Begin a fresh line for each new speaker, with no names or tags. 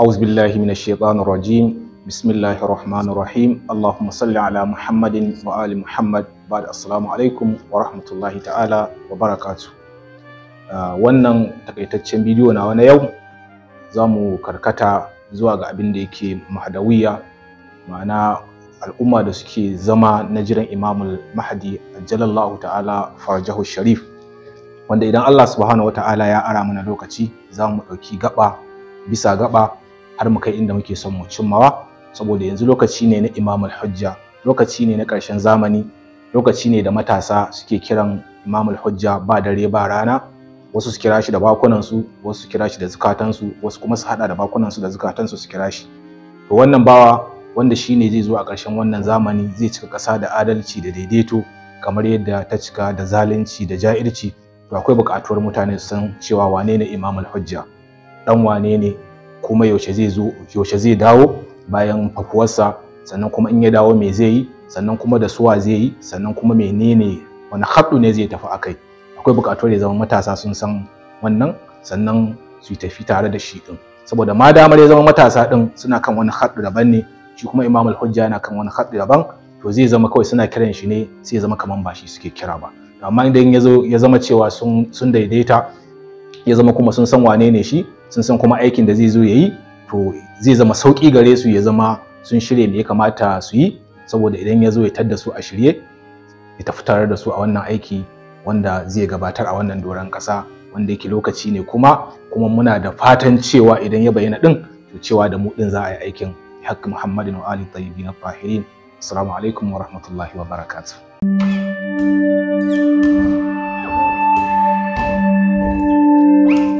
أعوذ بالله من الشيطان الرجيم بسم الله الرحمن الرحيم اللهم صل على محمد وآل محمد بعد السلام عليكم ورحمة الله تعالى وبركاته wannan takaitaccen bidiyo na wani yau za mu karkata zuwa ga abin da yake mahadawiya ma'ana al'umma da suke zama na jiran imamul mahadi ajalallahu ta'ala farjahu sharif wanda idan allah subhanahu wa ta'ala ya ara mana lokaci za mu ɗauki gaba bisa gaba har mu kai inda muke son mu cimmawa saboda yanzu lokaci ne na imamul hujja lokaci ne na ƙarshen zamani lokaci ne da matasa suke kiran imamul hujja ba dare ba rana wasu su kira shi da bakunansu wasu su kira shi da zukatansu wasu kuma su hada da bakunansu da zukatansu su kira shi to wannan bawa wanda shi ne zai zo a ƙarshen wannan zamani zai cika ƙasa da adalci da daidaito kamar yadda ta cika da zalunci da ja'irci to akwai buƙatuwar mutane su san cewa wane ne imamul hujja dan wane ne kuma yaushe zai zo yaushe zai dawo bayan fafuwarsa sannan kuma in ya dawo me zai yi sannan kuma da suwa zai yi sannan kuma menene wani haɗu ne zai tafi akai akwai buƙatar ya zama matasa sun san wannan sannan su tafi tare da shi din. saboda ma damar ya zama matasa din suna kan wani haɗu daban ne shi kuma imam al-hujja yana kan wani haɗu daban to zai zama kawai suna kiran shi ne sai ya zama kamar ba shi suke kira ba amma idan ya zama cewa sun daidaita ya zama kuma sun san wane ne shi sun san kuma aikin da zai zo ya yi to zai zama sauƙi gare su ya zama sun shirya me ya kamata su yi saboda idan ya zo ya tadda su a shirye ya tafi tare da su a wannan aiki wanda zai gabatar a wannan doron ƙasa wanda yake lokaci ne kuma kuma muna da fatan cewa idan ya bayyana din to cewa da mu ɗin za a yi aikin haƙƙi muhammadin wa ali tayyibin fahirin assalamu alaikum wa rahmatullahi wa barakatuh